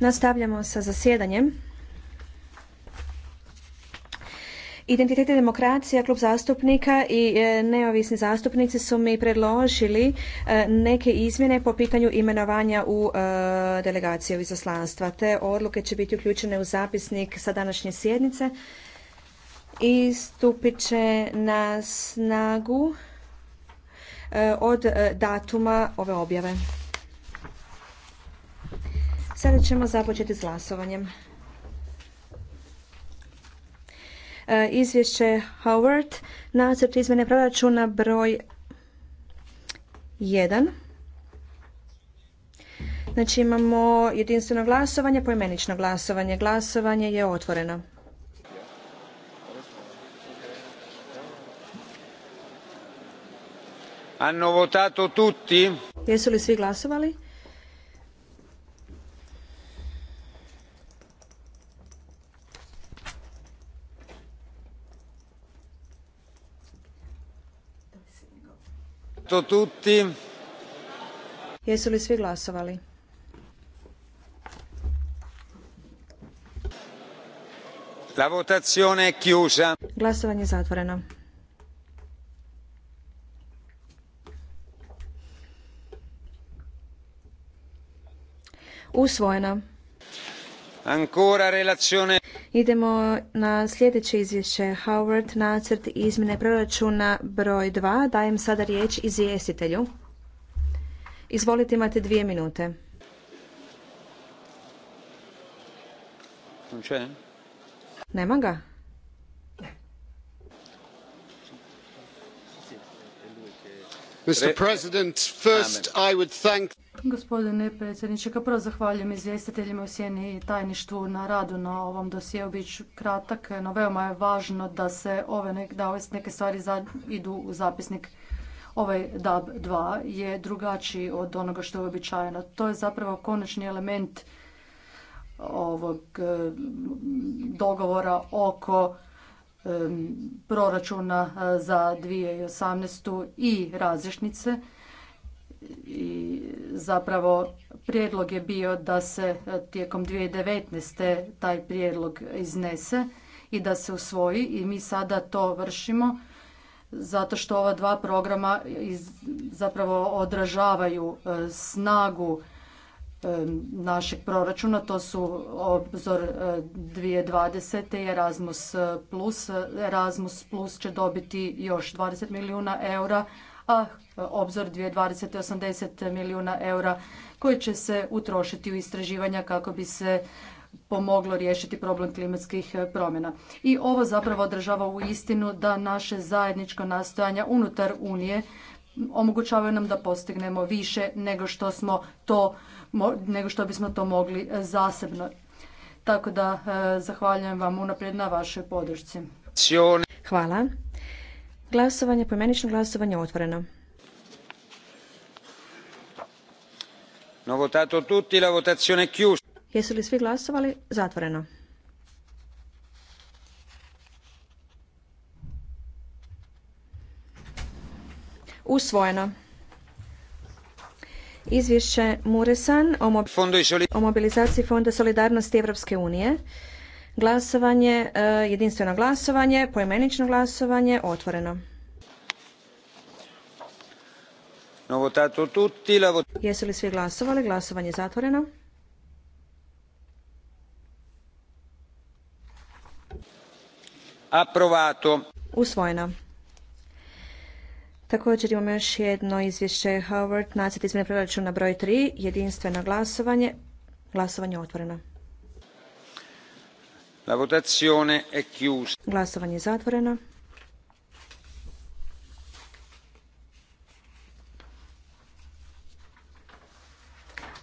Nastavljamo sa zasjedanjem. Identitet i demokracija, klub zastupnika i e, neovisni zastupnici su mi predložili e, neke izmjene po pitanju imenovanja u e, delegaciju izaslanstva. Te odluke će biti uključene u zapisnik sa današnje sjednice i stupit će na snagu od datuma ove objave. Sada ćemo započeti s glasovanjem. E, izvješće Howard, nacrt izmjene proračuna broj 1. Znači imamo jedinstveno glasovanje, poimenično glasovanje. Glasovanje je otvoreno. Jesu li svi glasovali? votato tutti? Jesu li svi glasovali? La votazione è chiusa. Glasovanje zatvoreno. Usvojena. Ancora relazione Idemo na sljedeće izvješće. Howard, nacrt izmjene proračuna broj 2. Dajem sada riječ izvjestitelju. Izvolite, imate dvije minute. Nema ga? Mr. President, first I would thank Gospodine predsjedniče, kao prvo zahvaljujem izvjestiteljima u Sjeni i tajništvu na radu na ovom dosijeu. Bit ću kratak, no veoma je važno da se ove neke, da neke stvari idu u zapisnik. Ovaj DAB 2 je drugačiji od onoga što je uobičajeno. To je zapravo konačni element ovog e, dogovora oko proračuna e, za 2018. i razrešnice i zapravo prijedlog je bio da se e, tijekom 2019. taj prijedlog iznese i da se usvoji i mi sada to vršimo zato što ova dva programa zapravo odražavaju e, snagu e, našeg proračuna, to su obzor 2020. i Erasmus Plus. Erasmus Plus će dobiti još 20 milijuna eura, a obzor 2020. 80 milijuna eura koji će se utrošiti u istraživanja kako bi se pomoglo riješiti problem klimatskih e, promjena. I ovo zapravo održava u istinu da naše zajedničko nastojanja unutar Unije omogućavaju nam da postignemo više nego što smo to nego što bismo to mogli e, zasebno. Tako da e, zahvaljujem vam unaprijed na vašoj podršci. Hvala. Glasovanje, pojmenično glasovanje otvoreno. No votato tutti, la votazione chiusa. Jesu li svi glasovali? Zatvoreno. Usvojeno. Izvješće Muresan o mobilizaciji Fonda solidarnosti Evropske unije. Glasovanje, e, jedinstveno glasovanje, poimenično glasovanje, otvoreno. Jesu li svi glasovali? Glasovanje je zatvoreno. Aprovato. Usvojeno. Također imamo još jedno izvješće Howard, nacrt izmjene proračuna broj 3, jedinstveno glasovanje, glasovanje otvoreno. La votazione Glasovanje je zatvoreno.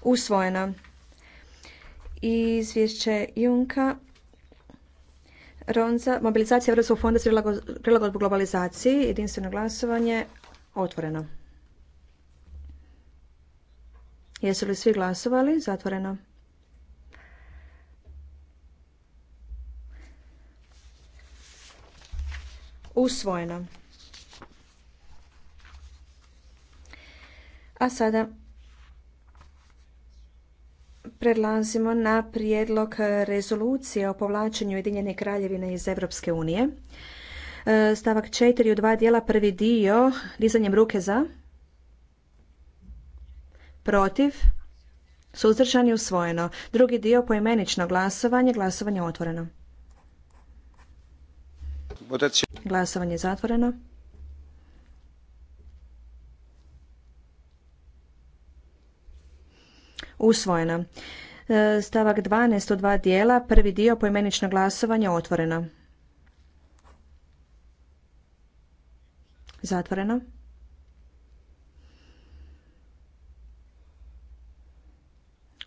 Usvojeno. Izvješće Junka Ronza, mobilizacija Europskog fonda za prilagodbu globalizaciji, jedinstveno glasovanje, otvoreno. Jesu li svi glasovali? Zatvoreno. usvojeno. A sada prelazimo na prijedlog rezolucije o povlačenju Ujedinjene kraljevine iz Europske unije. E, stavak četiri u dva dijela, prvi dio, dizanjem ruke za, protiv, suzdržani usvojeno. Drugi dio poimenično glasovanje, glasovanje otvoreno. Glasovanje je zatvoreno. Usvojeno. E, stavak 12 u dva dijela. Prvi dio poimenično glasovanje otvoreno. Zatvoreno.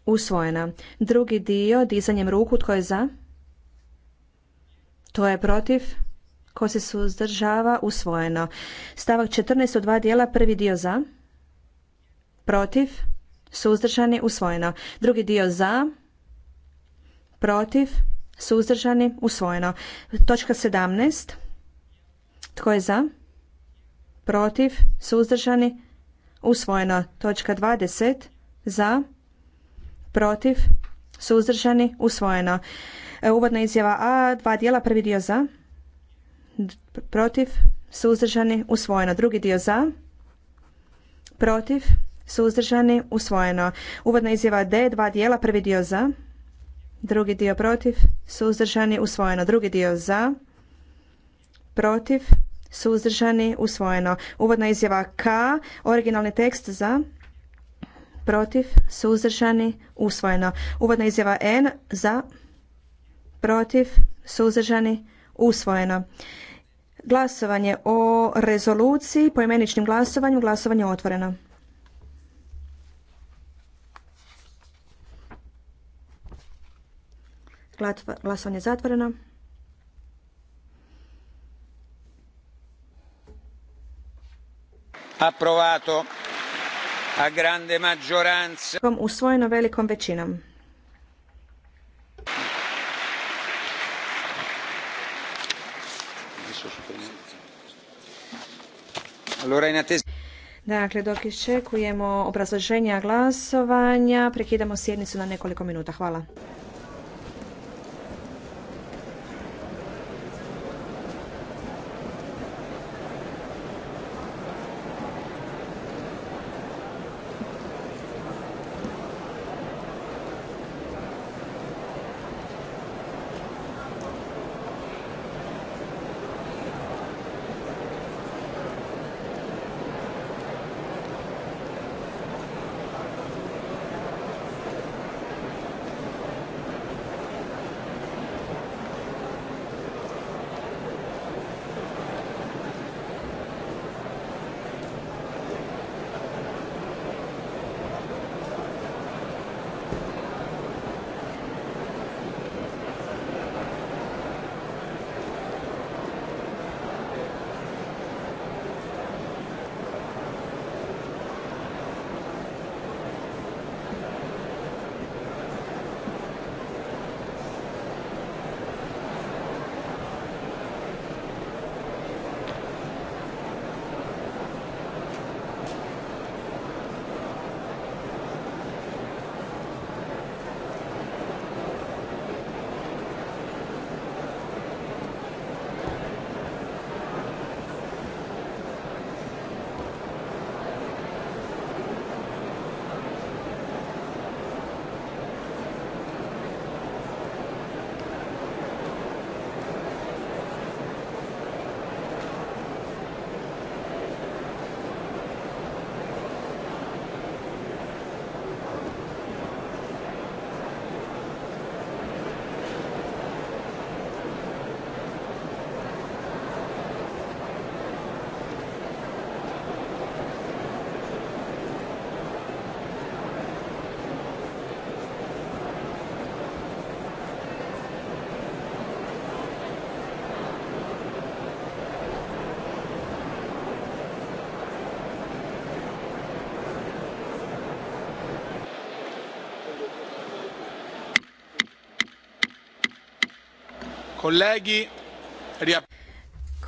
Usvojena. Drugi dio dizanjem ruku. Tko je za? Tko je protiv? Ko se suzdržava? Usvojeno. Stavak 14 u dva dijela. Prvi dio za. Protiv. Suzdržani. Usvojeno. Drugi dio za. Protiv. Suzdržani. Usvojeno. Točka 17. Tko je za? Protiv. Suzdržani. Usvojeno. Točka 20. Za. Protiv. Suzdržani. Usvojeno. E, uvodna izjava A. Dva dijela. Prvi dio za protiv, suzdržani, usvojeno. Drugi dio za, protiv, suzdržani, usvojeno. Uvodna izjava D, dva dijela, prvi dio za, drugi dio protiv, suzdržani, usvojeno. Drugi dio za, protiv, suzdržani, usvojeno. Uvodna izjava K, originalni tekst za, protiv, suzdržani, usvojeno. Uvodna izjava N za, protiv, suzdržani, usvojeno. Glasovanje o rezoluciji, poimeničnim glasovanjem, glasovanje je otvoreno. Glasovanje je zatvoreno. Approvato a grande maggioranza. Usvojeno velikom većinom. Dakle, dok iščekujemo obrazloženja glasovanja, prekidamo sjednicu na nekoliko minuta. Hvala.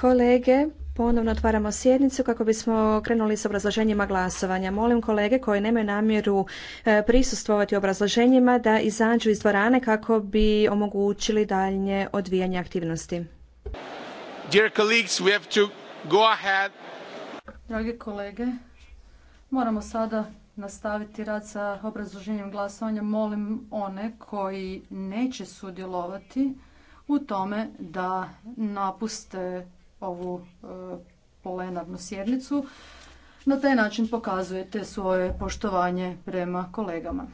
Kolege, ponovno otvaramo sjednicu kako bismo krenuli s obrazloženjima glasovanja. Molim kolege koji nemaju namjeru e, prisustvovati obrazloženjima da izađu iz dvorane kako bi omogućili daljnje odvijanje aktivnosti. Dragi kolege, moramo sada nastaviti rad sa obrazloženjem glasovanja. Molim one koji neće sudjelovati u tome da napuste ovu e, plenarnu sjednicu. Na taj način pokazujete svoje poštovanje prema kolegama.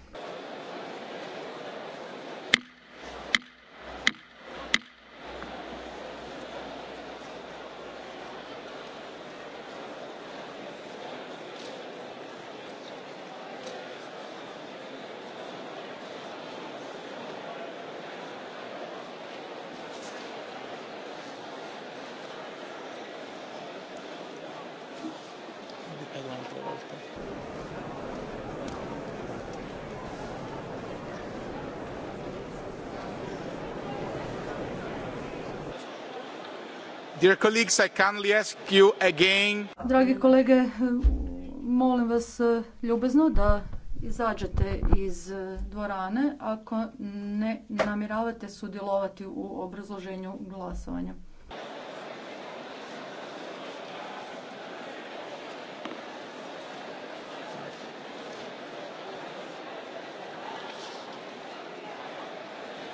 Dear colleagues, I Dragi kolege, molim vas eh, ljubezno da izađete iz eh, dvorane ako ne namiravate sudjelovati u obrazloženju glasovanja.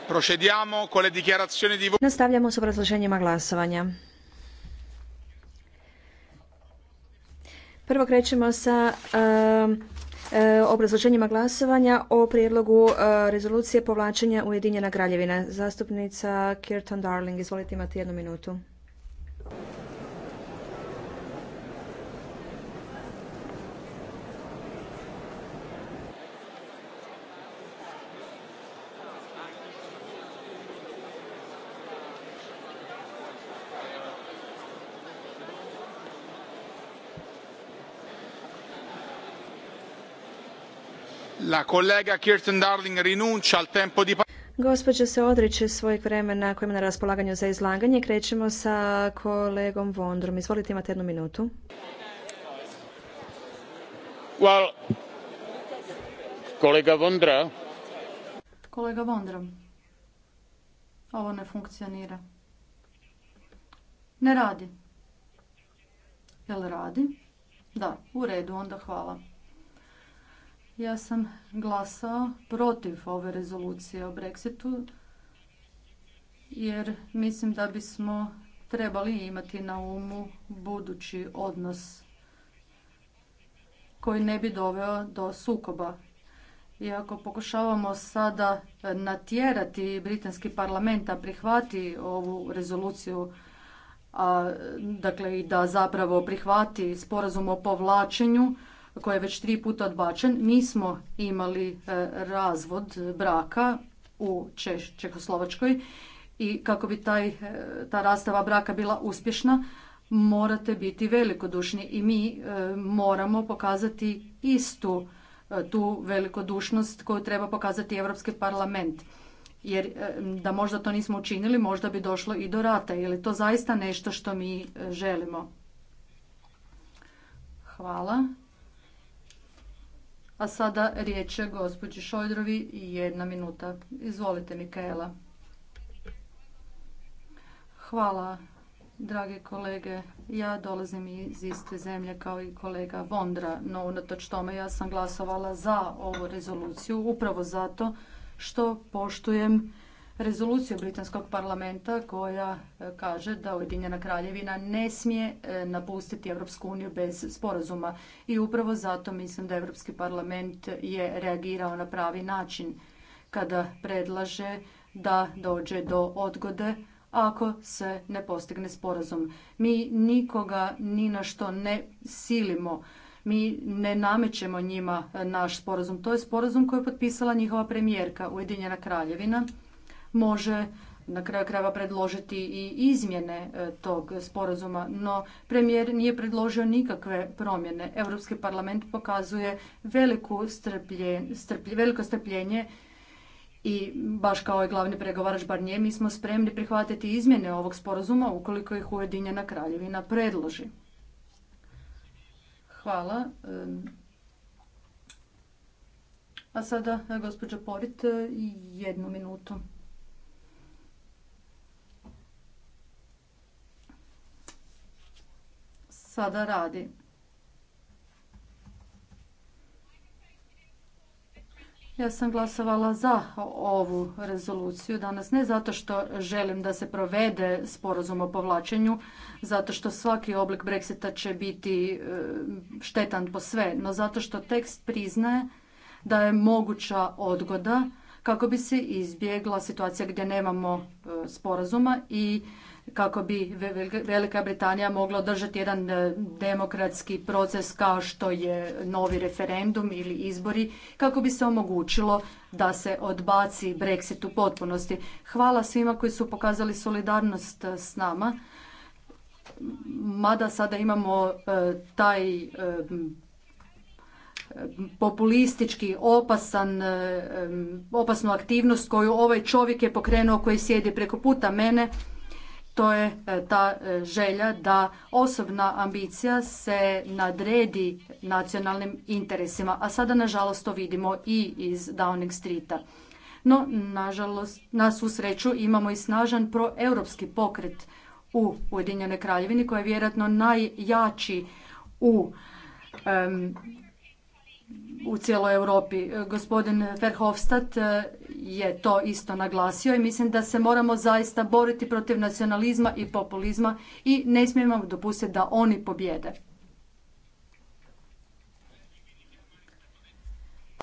Procediamo con dichiarazioni di Nastavljamo s obrazloženjima glasovanja. Prvo krećemo sa um, uh, obrazloženjima glasovanja o prijedlogu uh, rezolucije povlačenja Ujedinjena kraljevina. Zastupnica Kirton Darling, izvolite imate jednu minutu. La collega Kirsten Darling pa- Gospođa se odriče svojeg vremena koje ima na raspolaganju za izlaganje. Krećemo sa kolegom Vondrom. Izvolite, imate jednu minutu. kolega Vondra. Kolega Vondra. Ovo ne funkcionira. Ne radi. Jel radi? Da, u redu, onda hvala. Ja sam glasao protiv ove rezolucije o Brexitu jer mislim da bismo trebali imati na umu budući odnos koji ne bi doveo do sukoba. I ako pokušavamo sada natjerati britanski parlament da prihvati ovu rezoluciju, dakle i da zapravo prihvati sporazum o povlačenju, koji je već tri puta odbačen. Mi smo imali e, razvod braka u Čehoslovačkoj i kako bi taj, e, ta rastava braka bila uspješna, morate biti velikodušni i mi e, moramo pokazati istu tu velikodušnost koju treba pokazati Europski parlament. Jer da možda to nismo učinili, možda bi došlo i do rata. Je li to zaista nešto što mi želimo? Hvala. A sada riječ je gospođi Šojdrovi i jedna minuta. Izvolite Mikaela. Hvala, drage kolege. Ja dolazim iz iste zemlje kao i kolega Vondra, no unatoč tome ja sam glasovala za ovu rezoluciju upravo zato što poštujem rezoluciju Britanskog parlamenta koja e, kaže da Ujedinjena kraljevina ne smije e, napustiti Europsku uniju bez sporazuma. I upravo zato mislim da Europski parlament je reagirao na pravi način kada predlaže da dođe do odgode ako se ne postigne sporazum. Mi nikoga ni na što ne silimo. Mi ne namećemo njima e, naš sporazum. To je sporazum koji je potpisala njihova premijerka Ujedinjena kraljevina može na kraju krajeva predložiti i izmjene e, tog sporazuma, no premijer nije predložio nikakve promjene. Europski parlament pokazuje veliku strplje, veliko strpljenje i baš kao i glavni pregovarač Barnije, mi smo spremni prihvatiti izmjene ovog sporazuma ukoliko ih Ujedinjena kraljevina predloži. Hvala. E, a sada, e, gospođa Porit, jednu minutu. sada radi. Ja sam glasovala za ovu rezoluciju danas, ne zato što želim da se provede sporazum o povlačenju, zato što svaki oblik Brexita će biti e, štetan po sve, no zato što tekst priznaje da je moguća odgoda kako bi se izbjegla situacija gdje nemamo e, sporazuma i kako bi Velika Britanija mogla održati jedan e, demokratski proces kao što je novi referendum ili izbori kako bi se omogućilo da se odbaci Brexit u potpunosti. Hvala svima koji su pokazali solidarnost e, s nama. Mada sada imamo e, taj populistički opasan, opasnu aktivnost koju ovaj čovjek je pokrenuo koji sjedi preko puta mene to je e, ta e, želja da osobna ambicija se nadredi nacionalnim interesima, a sada nažalost to vidimo i iz Downing Streeta. No, nažalost, na svu sreću imamo i snažan proeuropski pokret u Ujedinjenoj kraljevini koji je vjerojatno najjači u u cijeloj Europi. E, gospodin Verhofstadt e, je to isto naglasio i mislim da se moramo zaista boriti protiv nacionalizma i populizma i ne smijemo dopustiti da oni pobjede.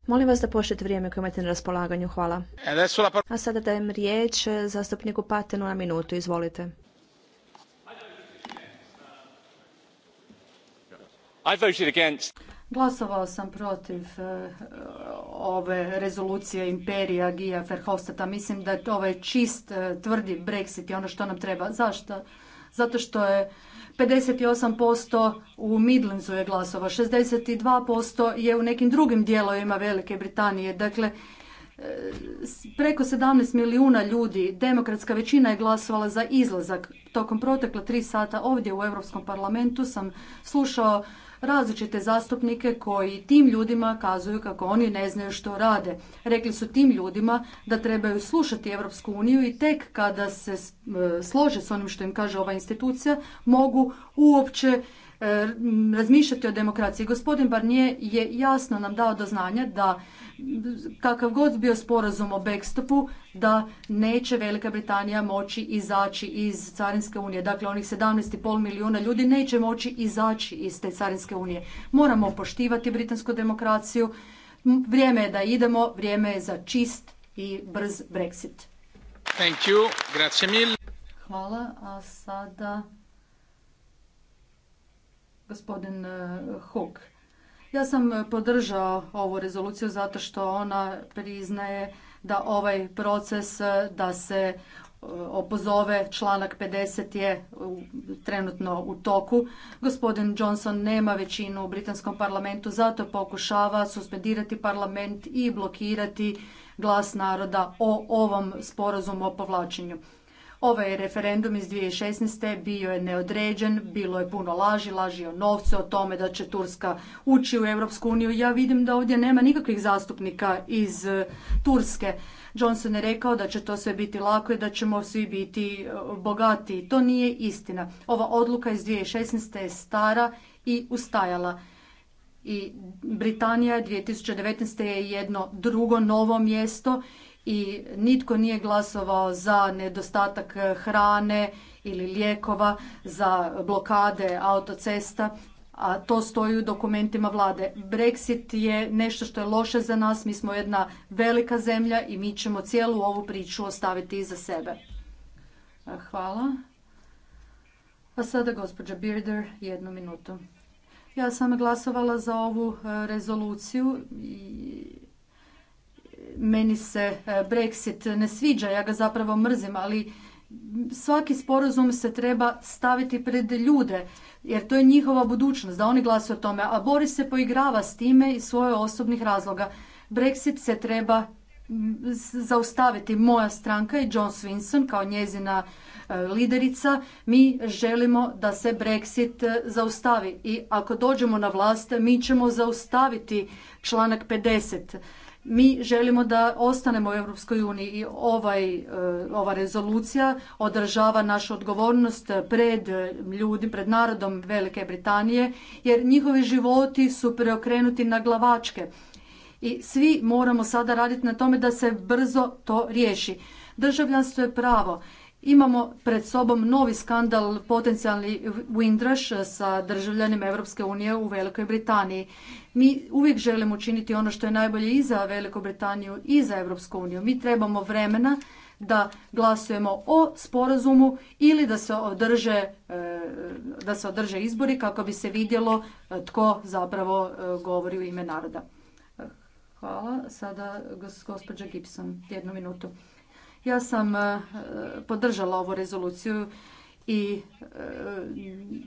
Molim vas da poštujete vrijeme koje imate na raspolaganju. Hvala. E, A sada dajem riječ zastupniku Patenu na minutu. Izvolite. Glasovao sam protiv eh, ove rezolucije imperija Gija Verhofstadta. Mislim da je to ovaj čist, eh, tvrdi Brexit i ono što nam treba. Zašto? Zato što je 58% u Midlandsu je glasova, 62% je u nekim drugim dijelovima Velike Britanije. Dakle, eh, preko 17 milijuna ljudi, demokratska većina je glasovala za izlazak. Tokom protekla tri sata ovdje u Europskom parlamentu sam slušao različite zastupnike koji tim ljudima kazuju kako oni ne znaju što rade. Rekli su tim ljudima da trebaju slušati Europsku uniju i tek kada se e, slože s onim što im kaže ova institucija mogu uopće e, razmišljati o demokraciji. Gospodin Barnier je jasno nam dao do znanja da kakav god bio sporazum o backstopu, da neće Velika Britanija moći izaći iz Carinske unije. Dakle, onih 17,5 milijuna ljudi neće moći izaći iz te Carinske unije. Moramo poštivati britansku demokraciju. Vrijeme je da idemo, vrijeme je za čist i brz Brexit. Thank you. Grazie mille. Hvala, a sada gospodin eh, Hook. Ja sam e, podržao ovu rezoluciju zato što ona priznaje da ovaj proces e, da se e, opozove članak 50 je trenutno u toku. Gospodin Johnson nema većinu u britanskom parlamentu, zato pokušava suspendirati parlament i blokirati glas naroda o ovom sporazumu o povlačenju. Ovaj referendum iz 2016. bio je neodređen, bilo je puno laži, laži o novcu, o tome da će Turska ući u Europsku uniju. Ja vidim da ovdje nema nikakvih zastupnika iz e, Turske. Johnson je rekao da će to sve biti lako i da ćemo svi biti e, bogati. To nije istina. Ova odluka iz 2016. je stara i ustajala. I Britanija 2019. je jedno drugo novo mjesto i nitko nije glasovao za nedostatak hrane ili lijekova, za blokade autocesta, a to stoji u dokumentima vlade. Brexit je nešto što je loše za nas, mi smo jedna velika zemlja i mi ćemo cijelu ovu priču ostaviti iza sebe. Hvala. A sada gospođa Birder, jednu minutu. Ja sam glasovala za ovu e, rezoluciju i meni se e, Brexit ne sviđa, ja ga zapravo mrzim, ali svaki sporazum se treba staviti pred ljude, jer to je njihova budućnost, da oni glase o tome, a Boris se poigrava s time i svoje osobnih razloga. Brexit se treba zaustaviti moja stranka i John Swinson kao njezina e, liderica. Mi želimo da se Brexit e, zaustavi i ako dođemo na vlast mi ćemo zaustaviti članak 50 mi želimo da ostanemo u Europskoj uniji i ovaj, eh, ova rezolucija održava našu odgovornost pred ljudi, pred narodom Velike Britanije, jer njihovi životi su preokrenuti na glavačke. I svi moramo sada raditi na tome da se brzo to riješi. Državljanstvo je pravo Imamo pred sobom novi skandal, potencijalni Windrush sa državljanima Europske unije u Velikoj Britaniji. Mi uvijek želimo učiniti ono što je najbolje i za Veliku Britaniju i za Europsku uniju. Mi trebamo vremena da glasujemo o sporazumu ili da se održe, e, da se održe izbori kako bi se vidjelo e, tko zapravo e, govori u ime naroda. Hvala. Sada gospođa Gibson, jednu minutu. Ja sam e, podržala ovu rezoluciju i e,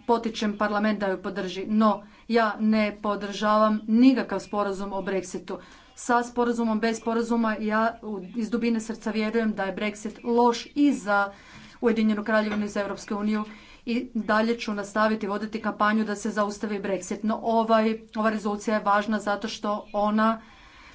potičem parlament da ju podrži. No, ja ne podržavam nikakav sporazum o Brexitu. Sa sporazumom, bez sporazuma, ja iz dubine srca vjerujem da je Brexit loš i za Ujedinjenu kraljevinu za Europsku uniju i dalje ću nastaviti voditi kampanju da se zaustavi Brexit. No, ovaj, ova rezolucija je važna zato što ona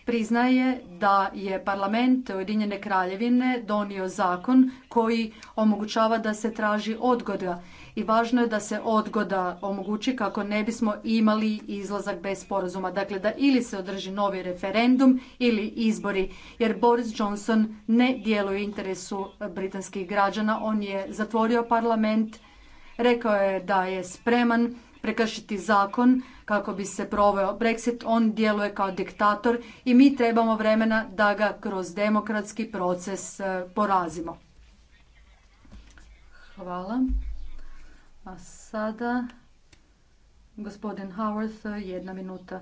priznaje da je parlament Ujedinjene kraljevine donio zakon koji omogućava da se traži odgoda i važno je da se odgoda omogući kako ne bismo imali izlazak bez sporazuma. Dakle, da ili se održi novi referendum ili izbori, jer Boris Johnson ne djeluje interesu britanskih građana. On je zatvorio parlament, rekao je da je spreman prekršiti zakon kako bi se proveo Brexit. On djeluje kao diktator i mi trebamo vremena da ga kroz demokratski proces e, porazimo. Hvala. A sada gospodin Howarth, e, jedna minuta.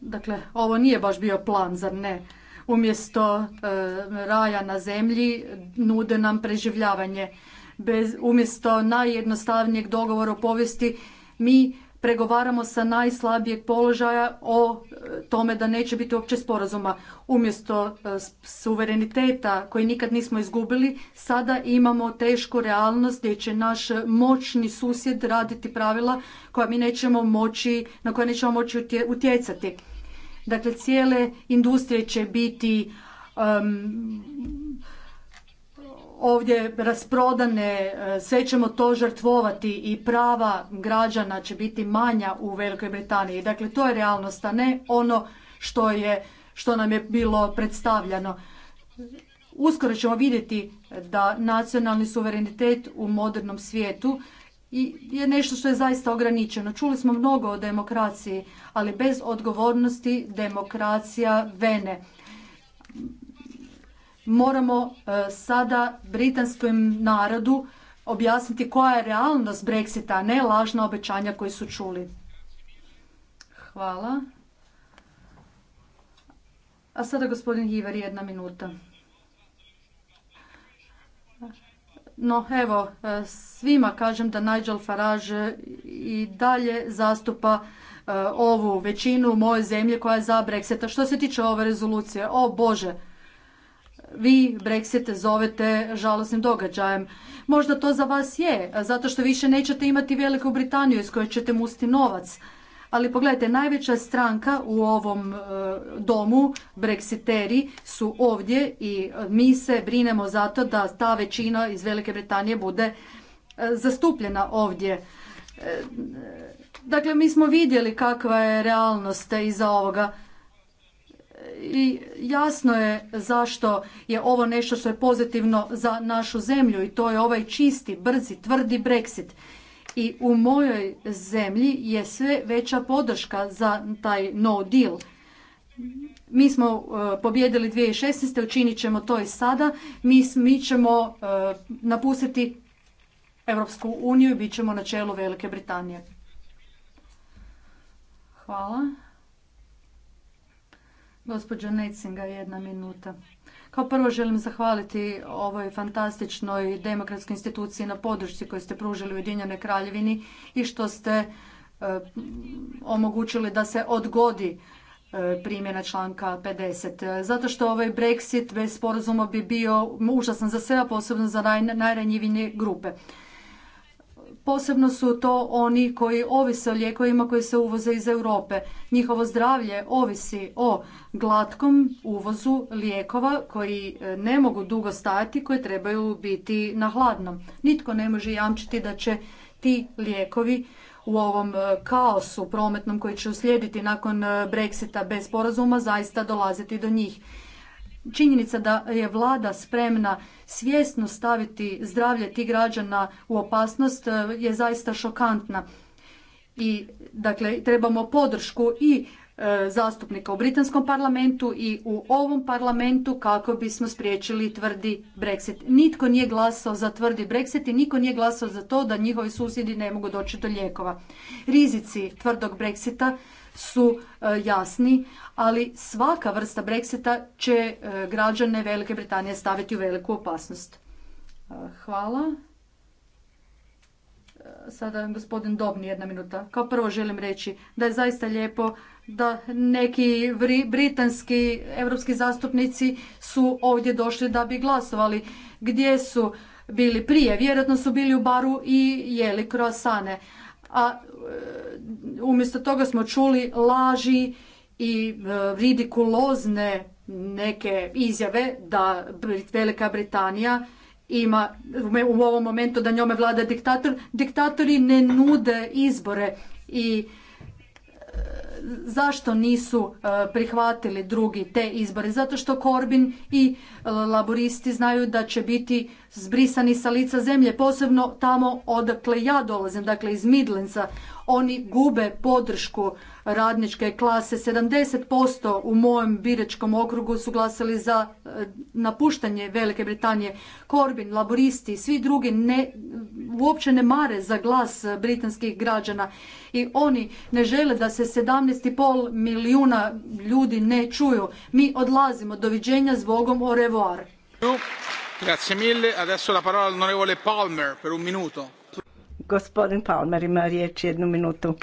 Dakle, ovo nije baš bio plan, zar ne? Umjesto e, raja na zemlji nude nam preživljavanje. umjesto najjednostavnijeg dogovora u povijesti mi pregovaramo sa najslabijeg položaja o e, tome da neće biti uopće sporazuma. Umjesto e, suvereniteta koji nikad nismo izgubili, sada imamo tešku realnost gdje će naš moćni susjed raditi pravila koja mi nećemo moći, na koja nećemo moći utjecati. Dakle, cijele industrije će biti ovdje rasprodane, e, sve ćemo to žrtvovati i prava građana će biti manja u Velikoj Britaniji. Dakle, to je realnost, a ne ono što, je, što nam je bilo predstavljano. Uskoro ćemo vidjeti da nacionalni suverenitet u modernom svijetu je nešto što je zaista ograničeno. Čuli smo mnogo o demokraciji, ali bez odgovornosti demokracija vene moramo e, sada britanskom narodu objasniti koja je realnost Brexita, a ne lažna obećanja koje su čuli. Hvala. A sada gospodin Hiver, jedna minuta. No evo, e, svima kažem da Nigel Farage i dalje zastupa e, ovu većinu moje zemlje koja je za Brexita. Što se tiče ove rezolucije, o Bože, vi Brexit zovete žalosnim događajem. Možda to za vas je, zato što više nećete imati Veliku Britaniju iz koje ćete musti novac. Ali pogledajte, najveća stranka u ovom e, domu, Brexiteri, su ovdje i mi se brinemo zato da ta većina iz Velike Britanije bude e, zastupljena ovdje. E, dakle, mi smo vidjeli kakva je realnost iza ovoga i jasno je zašto je ovo nešto što je pozitivno za našu zemlju i to je ovaj čisti, brzi, tvrdi Brexit. I u mojoj zemlji je sve veća podrška za taj no deal. Mi smo e, pobjedili 2016. učinit ćemo to i sada. Mi, mi ćemo e, napustiti Europsku uniju i bit ćemo na čelu Velike Britanije. Hvala. Gospođo Necinga, jedna minuta. Kao prvo želim zahvaliti ovoj fantastičnoj demokratskoj instituciji na podršci koju ste pružili Ujedinjenoj kraljevini i što ste e, omogućili da se odgodi e, primjena članka 50. Zato što ovaj Brexit bez sporazuma bi bio užasan za sve, a posebno za najranjivije grupe. Posebno su to oni koji ovise o lijekovima koji se uvoze iz Europe. Njihovo zdravlje ovisi o glatkom uvozu lijekova koji e, ne mogu dugo stajati, koji trebaju biti na hladnom. Nitko ne može jamčiti da će ti lijekovi u ovom e, kaosu prometnom koji će uslijediti nakon e, Brexita bez sporazuma zaista dolaziti do njih činjenica da je vlada spremna svjesno staviti zdravlje tih građana u opasnost e, je zaista šokantna. I dakle trebamo podršku i e, zastupnika u britanskom parlamentu i u ovom parlamentu kako bismo spriječili tvrdi Brexit. Nitko nije glasao za tvrdi Brexit i niko nije glasao za to da njihovi susjedi ne mogu doći do lijekova. Rizici tvrdog Brexita su e, jasni, ali svaka vrsta Brexita će e, građane Velike Britanije staviti u veliku opasnost. E, hvala. Sada gospodin Dobni, jedna minuta. Kao prvo želim reći da je zaista lijepo da neki britanski europski zastupnici su ovdje došli da bi glasovali. Gdje su bili prije? Vjerojatno su bili u baru i jeli kroasane. A E, umjesto toga smo čuli laži i e, ridikulozne neke izjave da Velika Britanija ima u ovom momentu da njome vlada diktator. Diktatori ne nude izbore i e, zašto nisu prihvatili drugi te izbore? Zato što Korbin i laboristi znaju da će biti zbrisani sa lica zemlje, posebno tamo odakle ja dolazim, dakle iz Midlandsa oni gube podršku radničke klase. 70% u mojem biračkom okrugu su glasali za eh, napuštanje Velike Britanije. Corbyn, laboristi i svi drugi ne, uopće ne mare za glas eh, britanskih građana. I oni ne žele da se 17,5 milijuna ljudi ne čuju. Mi odlazimo. Doviđenja s Bogom au revoir. Grazie mille. Adesso la parola all'onorevole Palmer per un minuto. Gospodin Palmer ima riječ jednu minutu.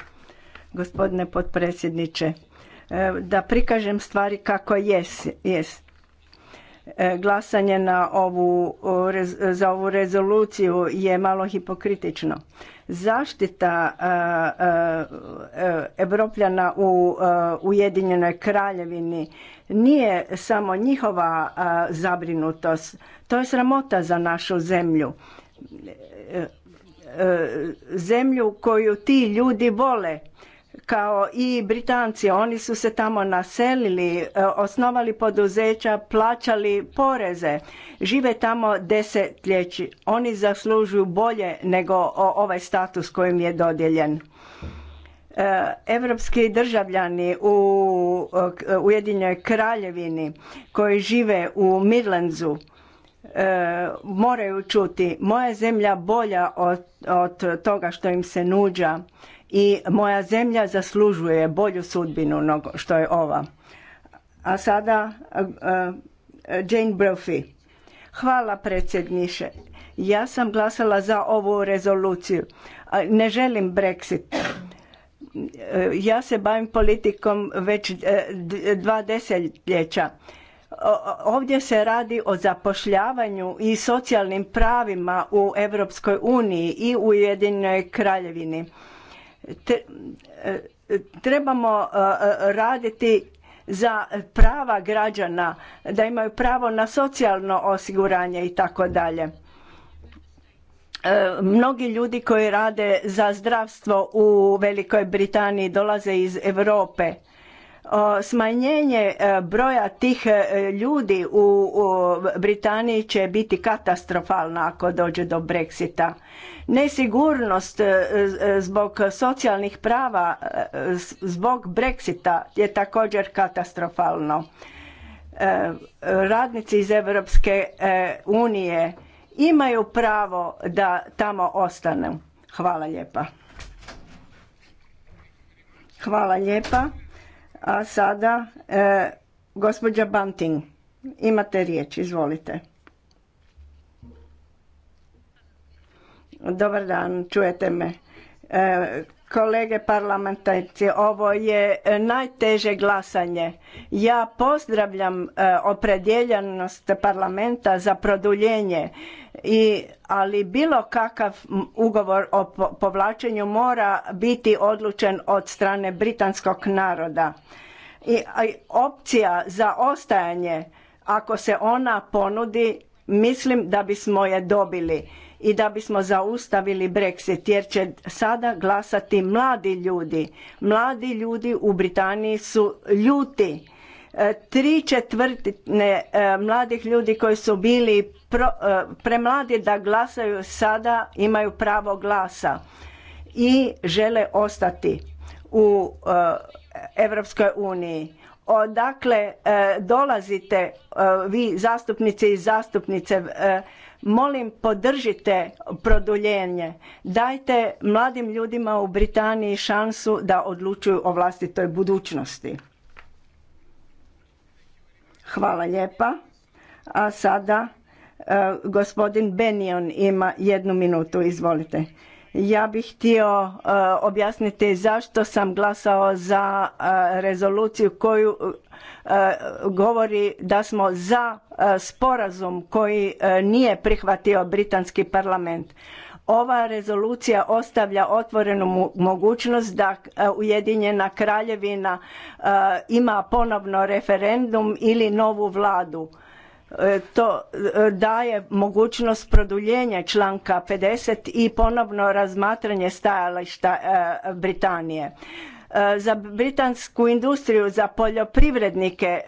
Gospodine potpredsjedniče, e, da prikažem stvari kako jes. jes. E, glasanje na ovu, za ovu rezoluciju je malo hipokritično. Zaštita e, Evropljana u Ujedinjenoj kraljevini nije samo njihova zabrinutost, to je sramota za našu zemlju E, zemlju koju ti ljudi vole kao i Britanci. Oni su se tamo naselili, e, osnovali poduzeća, plaćali poreze. Žive tamo desetljeći. Oni zaslužuju bolje nego ovaj status kojim je dodijeljen. E, evropski državljani u Ujedinjenoj kraljevini koji žive u Midlandsu E, moraju čuti moja zemlja bolja od, od toga što im se nuđa i moja zemlja zaslužuje bolju sudbinu nego što je ova. A sada e, e, Jane Brophy. Hvala predsjedniče. Ja sam glasala za ovu rezoluciju. Ne želim Brexit. Ja se bavim politikom već dva desetljeća Ovdje se radi o zapošljavanju i socijalnim pravima u Europskoj uniji i u Ujedinjenoj kraljevini. E, trebamo e, raditi za prava građana, da imaju pravo na socijalno osiguranje i tako dalje. E, mnogi ljudi koji rade za zdravstvo u Velikoj Britaniji dolaze iz Europe Smanjenje e, broja tih e, ljudi u Britaniji će biti katastrofalno ako dođe do Brexita. Nesigurnost e, zbog socijalnih prava, zbog Brexita je također katastrofalno. Radnici iz Europske unije imaju pravo da tamo ostanu. Hvala lijepa. Hvala lijepa. A sada e, gospođa Banting, imate riječ, izvolite. Dobar dan, čujete me. E, kolege parlamentarci, ovo je najteže glasanje. Ja pozdravljam e, opredjeljenost parlamenta za produljenje i ali bilo kakav ugovor o povlačenju mora biti odlučen od strane britanskog naroda. I opcija za ostajanje, ako se ona ponudi, mislim da bismo je dobili i da bismo zaustavili Brexit jer će sada glasati mladi ljudi. Mladi ljudi u Britaniji su ljuti E, tri četvrtine e, mladih ljudi koji su bili e, premladi da glasaju sada imaju pravo glasa i žele ostati u Europskoj uniji. Odakle dolazite vi zastupnici i zastupnice molim podržite produljenje. Dajte mladim ljudima u Britaniji šansu da odlučuju o vlastitoj budućnosti. Hvala lijepa. A sada e, gospodin Benion ima jednu minutu, izvolite. Ja bih htio e, objasniti zašto sam glasao za e, rezoluciju koju govori da smo za sporazum koji nije prihvatio britanski parlament ova rezolucija ostavlja otvorenu mogućnost da e, Ujedinjena kraljevina e, ima ponovno referendum ili novu vladu. E, to daje mogućnost produljenja članka 50 i ponovno razmatranje stajališta Britanije za britansku industriju, za poljoprivrednike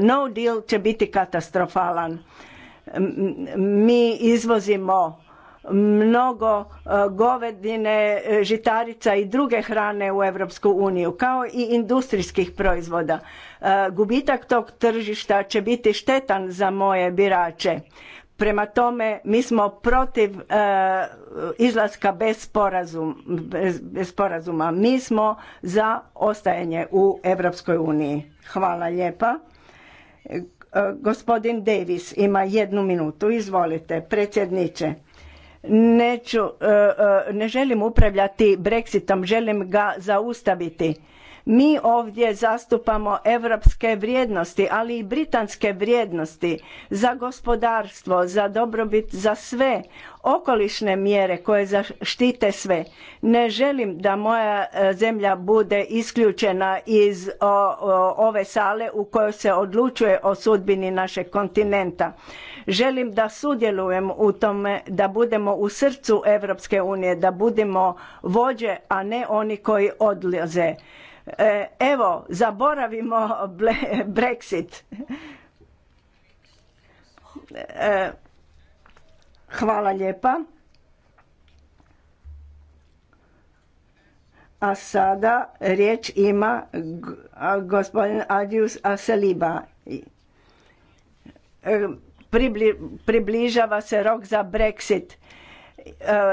no deal će biti katastrofalan. Mi izvozimo mnogo e, govedine, e, žitarica i druge hrane u Europsku uniju, kao i industrijskih proizvoda. E, gubitak tog tržišta će biti štetan za moje birače. Prema tome, mi smo protiv izlaska bez, sporazuma. Mi smo za ostajanje u Europskoj uniji. Hvala lijepa. Gospodin Davis ima jednu minutu. Izvolite, predsjedniče. Neću, e, e, ne želim upravljati Brexitom, želim ga zaustaviti mi ovdje zastupamo europske vrijednosti, ali i britanske vrijednosti za gospodarstvo, za dobrobit, za sve okolišne mjere koje zaštite sve. Ne želim da moja e, zemlja bude isključena iz ove sale u kojoj se odlučuje o sudbini našeg kontinenta. Želim da sudjelujem u tome da budemo u srcu Europske unije, da budemo vođe, a ne oni koji odlaze. E, evo, zaboravimo Brexit. E, hvala lijepa. A sada riječ ima gospodin Adius Aseliba. E, približava se rok za Brexit.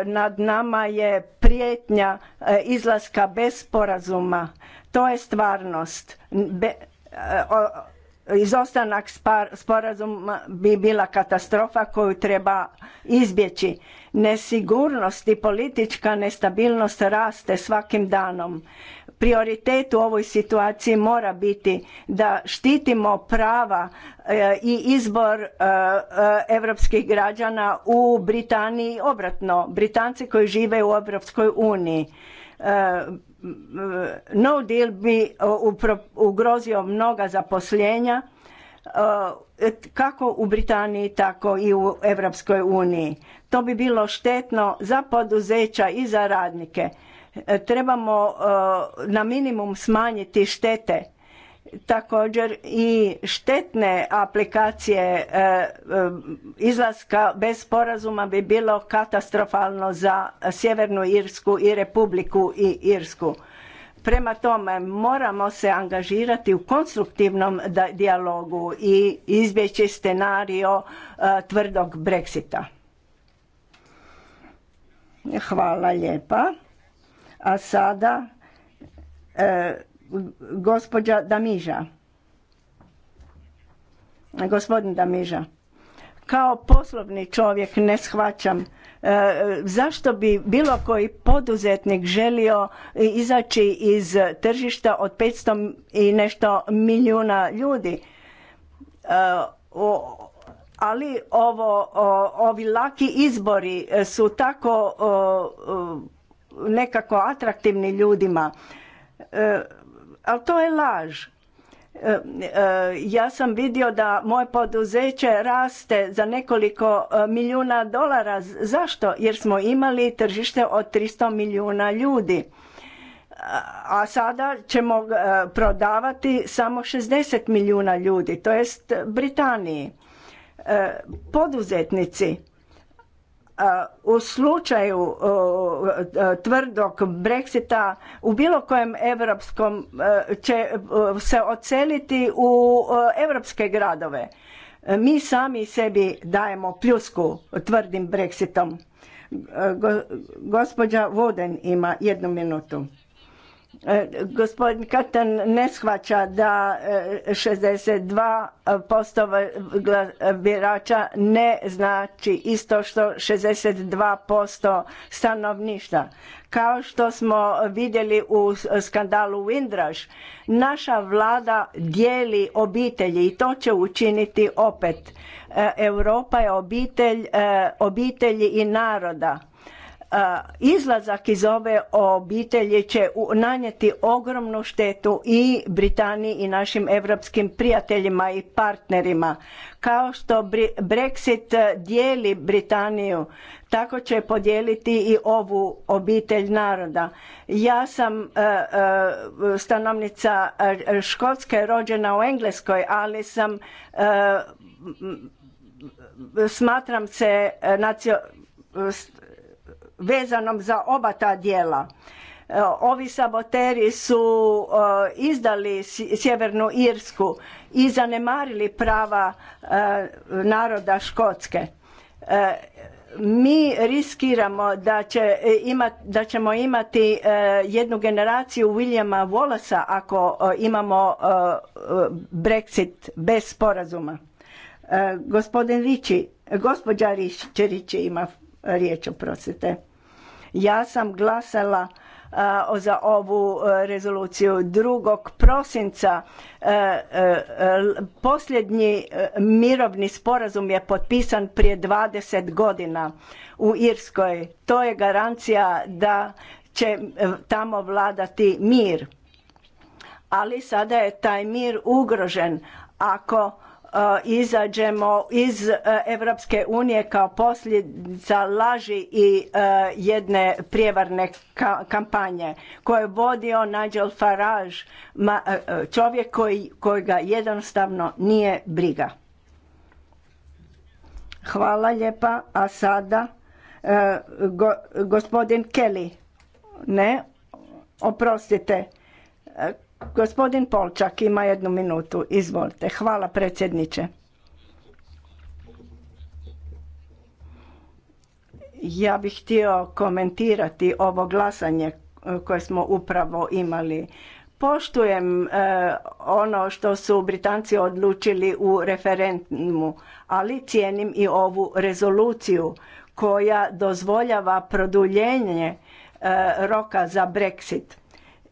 Nad nama je prijetnja izlaska bez sporazuma. To je stvarnost. izostanak sporazuma bi bila katastrofa koju treba izbjeći. Nesigurnost i politička nestabilnost raste svakim danom. Prioritet u ovoj situaciji mora biti da štitimo prava e, i izbor europskih e, građana u Britaniji obratno. Britanci koji žive u Europskoj uniji Eh, no deal bi ugrozio mnoga zaposlenja eh, kako u Britaniji tako i u Europskoj uniji. To bi bilo štetno za poduzeća i za radnike. Eh, trebamo na minimum smanjiti štete također i štetne aplikacije e, e, izlaska bez sporazuma bi bilo katastrofalno za Sjevernu Irsku i Republiku i Irsku. Prema tome moramo se angažirati u konstruktivnom dijalogu i izbjeći scenario e, tvrdog Brexita. Hvala lijepa. A sada gospođa Damiža. Gospodin Damiža. Kao poslovni čovjek ne shvaćam e, zašto bi bilo koji poduzetnik želio izaći iz tržišta od 500 i nešto milijuna ljudi. E, ali ovo, ovi laki izbori su tako nekako atraktivni ljudima. E, ali to je laž. E, e, ja sam vidio da moje poduzeće raste za nekoliko e, milijuna dolara. Zašto? Jer smo imali tržište od 300 milijuna ljudi. A sada ćemo prodavati samo 60 milijuna ljudi, to jest Britaniji. Poduzetnici u slučaju tvrdog Brexita u bilo kojem europskom e, će e, se oceliti u europske gradove. Mi sami sebi dajemo pljusku tvrdim Brexitom. E, gospođa Voden ima jednu minutu. Gospodin Katan ne shvaća da 62% e, birača ne znači isto što 62% stanovništa. Kao što smo vidjeli u skandalu windraž naša vlada dijeli obitelji i to će učiniti opet. E, Europa je obitelj, e, obitelji i naroda izlazak iz ove obitelji će nanijeti ogromnu štetu i Britaniji i našim europskim prijateljima i partnerima. Kao što Brexit e, dijeli Britaniju, tako će podijeliti i ovu obitelj naroda. Ja sam e, e, stanovnica Škotske, rođena u Engleskoj, ali sam smatram se vezanom za oba ta dijela. E, ovi saboteri su e, izdali Sjevernu Irsku i zanemarili prava e, naroda Škotske. Mi riskiramo da, će da ćemo imati jednu generaciju Williama volasa ako imamo Brexit bez sporazuma. Gospodin Riči, gospođa Riči ima riječ, oprostite. Ja sam glasala e, za ovu e, rezoluciju 2. prosinca. E, posljednji mirovni sporazum je potpisan prije 20 godina u Irskoj. To je garancija da će tamo vladati mir. Ali sada je taj mir ugrožen ako E, izađemo iz Europske unije kao posljedica laži i e, jedne prijevarne kampanje koje je vodio Nigel Farage, e, čovjek koji, kojega jednostavno nije briga. Hvala lijepa, a sada gospodin Kelly. Ne, oprostite, Gospodin Polčak ima jednu minutu. Izvolite. Hvala predsjedniče. Ja bih htio komentirati ovo glasanje e, koje smo upravo imali. Poštujem e, ono što su Britanci odlučili u referendumu, ali cijenim i ovu rezoluciju koja dozvoljava produljenje e, roka za Brexit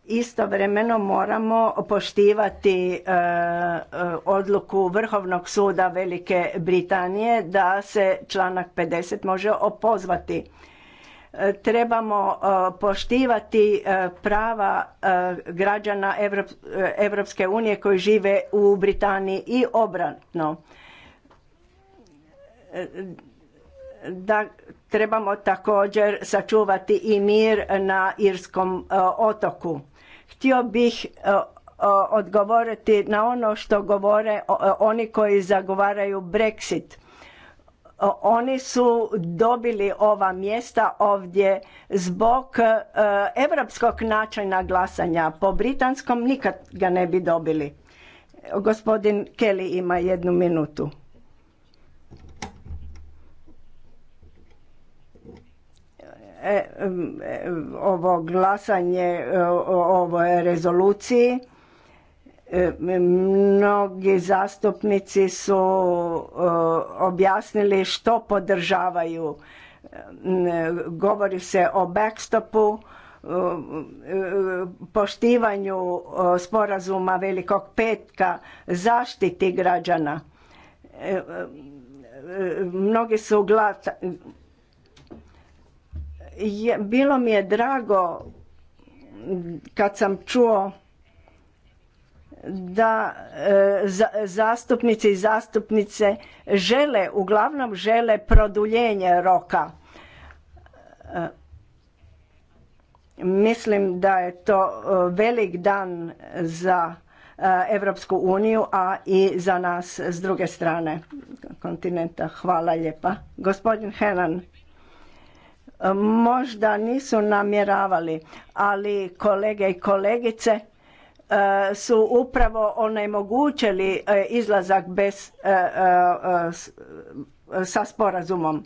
Istovremeno moramo poštivati e, e, odluku Vrhovnog suda Velike Britanije da se članak 50 može opozvati. E, trebamo poštivati prava građana Europske unije koji žive u Britaniji i obratno. Da, trebamo također sačuvati i mir na Irskom otoku Htio bih e, odgovoriti na ono što govore e, oni koji zagovaraju Brexit. Oni su dobili ova mjesta ovdje zbog europskog načina glasanja. Po britanskom nikad ga ne bi dobili. Gospodin Kelly ima jednu minutu. E, e, ovo glasanje e, o ovoj rezoluciji. Mnogi zastupnici su objasnili što podržavaju. Govori se o backstopu, poštivanju sporazuma Velikog petka, zaštiti građana. Mnogi su glasali je, bilo mi je drago kad sam čuo da e, zastupnice i zastupnice žele, uglavnom žele produljenje roka. E, mislim da je to e, velik dan za Evropsku uniju, a i za nas s druge strane kontinenta. Hvala lijepa. Gospodin Henan možda nisu namjeravali, ali kolege i kolegice e, su upravo onemogućili e, izlazak bez, e, sa sporazumom.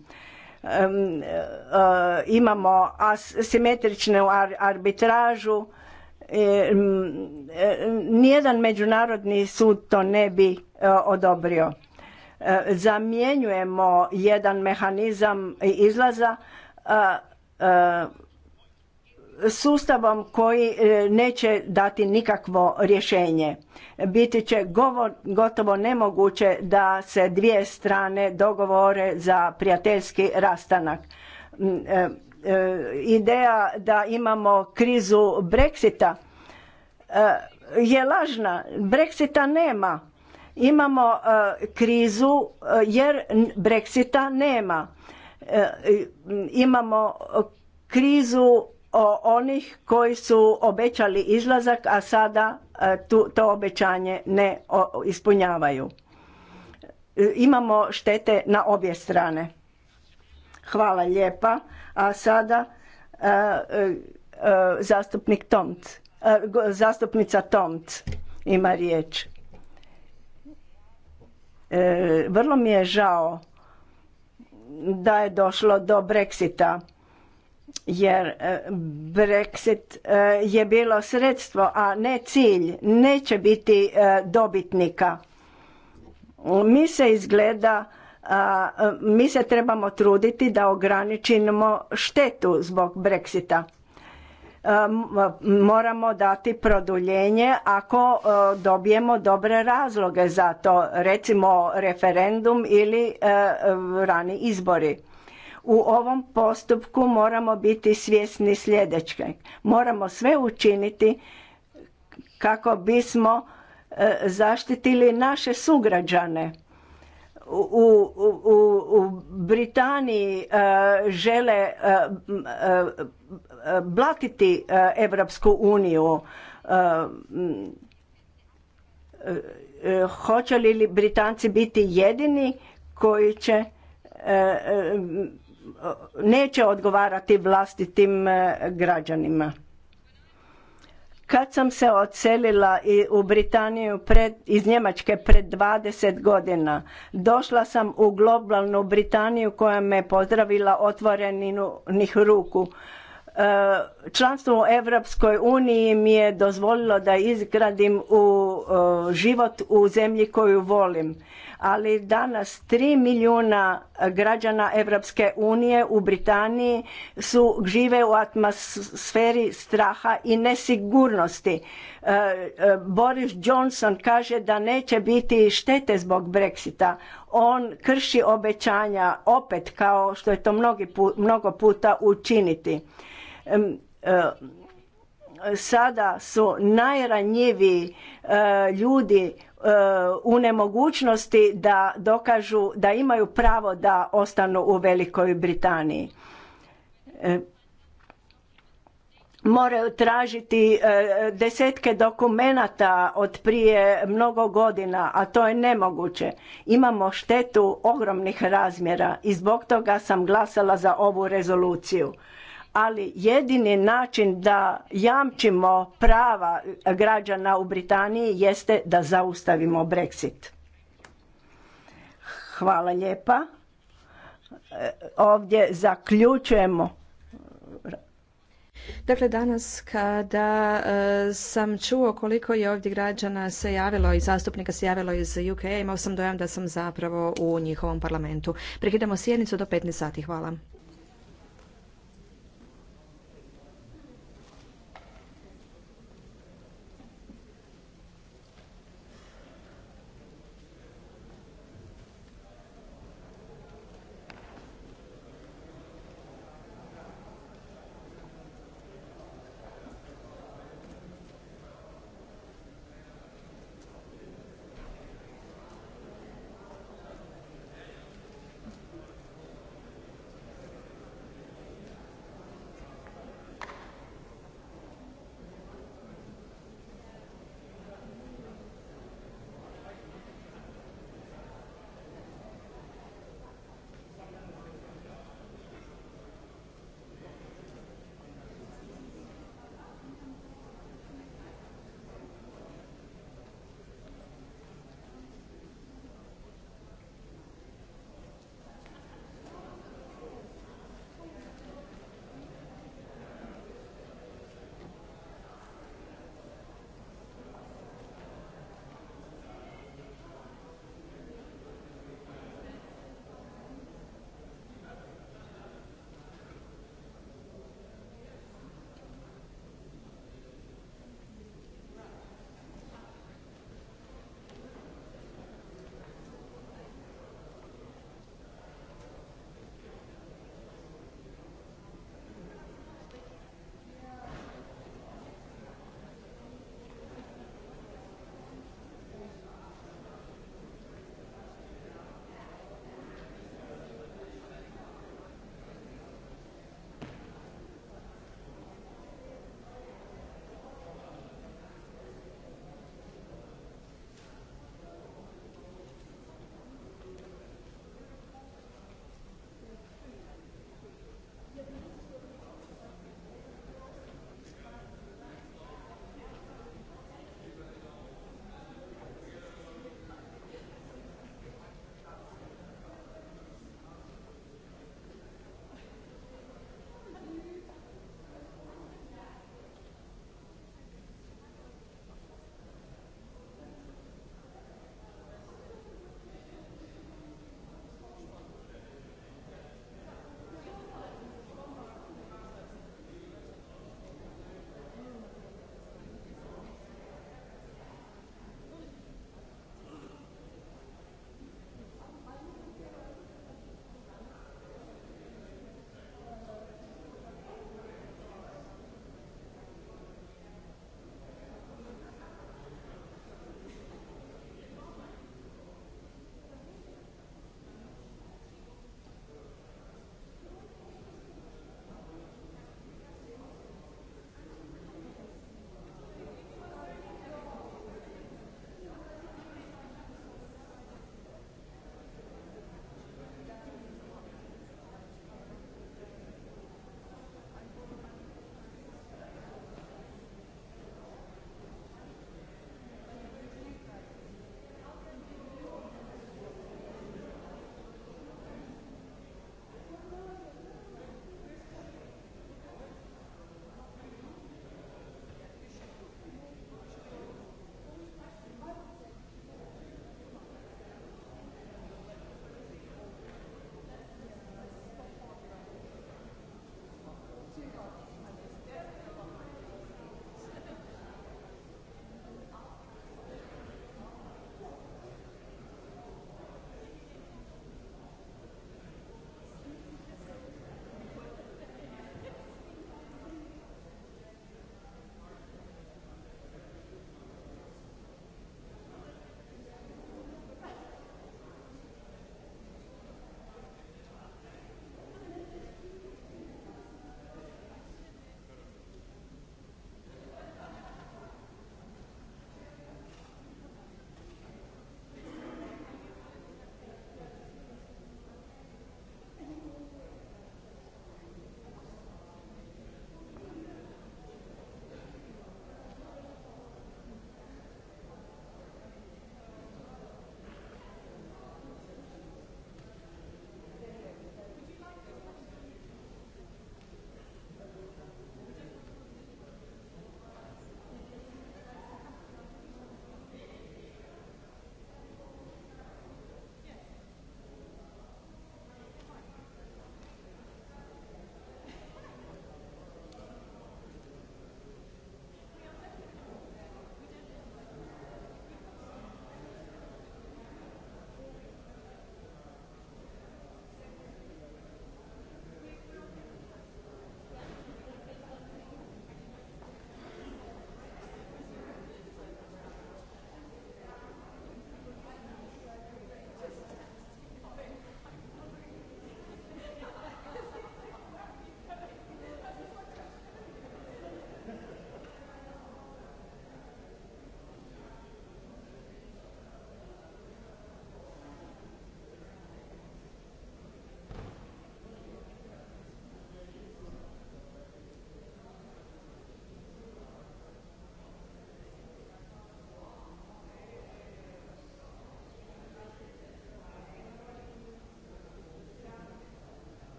Imamo asimetričnu arbitražu, nijedan međunarodni sud to ne bi odobrio. Zamjenjujemo jedan mehanizam izlaza E, e, sustavom koji e, neće dati nikakvo rješenje. Biti će gotovo nemoguće da se dvije strane dogovore za prijateljski rastanak. Mm, ideja da imamo krizu Brexita je lažna. Brexita nema. Imamo krizu jer Brexita nema E, imamo krizu onih koji su obećali izlazak, a sada e, to obećanje ne ispunjavaju. E, imamo štete na obje strane. Hvala lijepa. A sada zastupnik Tomc, zastupnica Tomc ima riječ. Vrlo mi je žao da je došlo do Brexita jer e, Brexit e, je bilo sredstvo, a ne cilj, neće biti e, dobitnika. Mi se izgleda, mi se trebamo truditi da ograničimo štetu zbog Brexita moramo dati produljenje ako e, dobijemo dobre razloge za to, recimo referendum ili e, rani izbori. U ovom postupku moramo biti svjesni sljedećeg. Moramo sve učiniti kako bismo e, zaštitili naše sugrađane u, u, u Britaniji e, žele e, e, blatiti Evropsku uniju hoće li Britanci biti jedini koji će neće odgovarati vlastitim građanima kad sam se odselila i u Britaniju pred, iz Njemačke pred 20 godina, došla sam u globalnu Britaniju koja me pozdravila otvorenih ruku. E, članstvo u Europskoj uniji mi je dozvolilo da izgradim u e, život u zemlji koju volim. Ali danas 3 milijuna građana Europske unije u Britaniji su žive u atmosferi straha i nesigurnosti. E, Boris Johnson kaže da neće biti štete zbog Brexita. On krši obećanja opet kao što je to mnogo puta učiniti E, sada su najranjiviji e, ljudi e, u nemogućnosti da dokažu da imaju pravo da ostanu u Velikoj Britaniji. Moraju tražiti desetke dokumenata od prije mnogo godina, a to je nemoguće. Imamo štetu ogromnih razmjera i zbog toga sam glasala za ovu rezoluciju ali jedini način da jamčimo prava građana u Britaniji jeste da zaustavimo Brexit. Hvala lijepa. E, ovdje zaključujemo Dakle, danas kada e, sam čuo koliko je ovdje građana se javilo i zastupnika se javilo iz UK, imao sam dojam da sam zapravo u njihovom parlamentu. Prekidamo sjednicu do 15 sati. Hvala.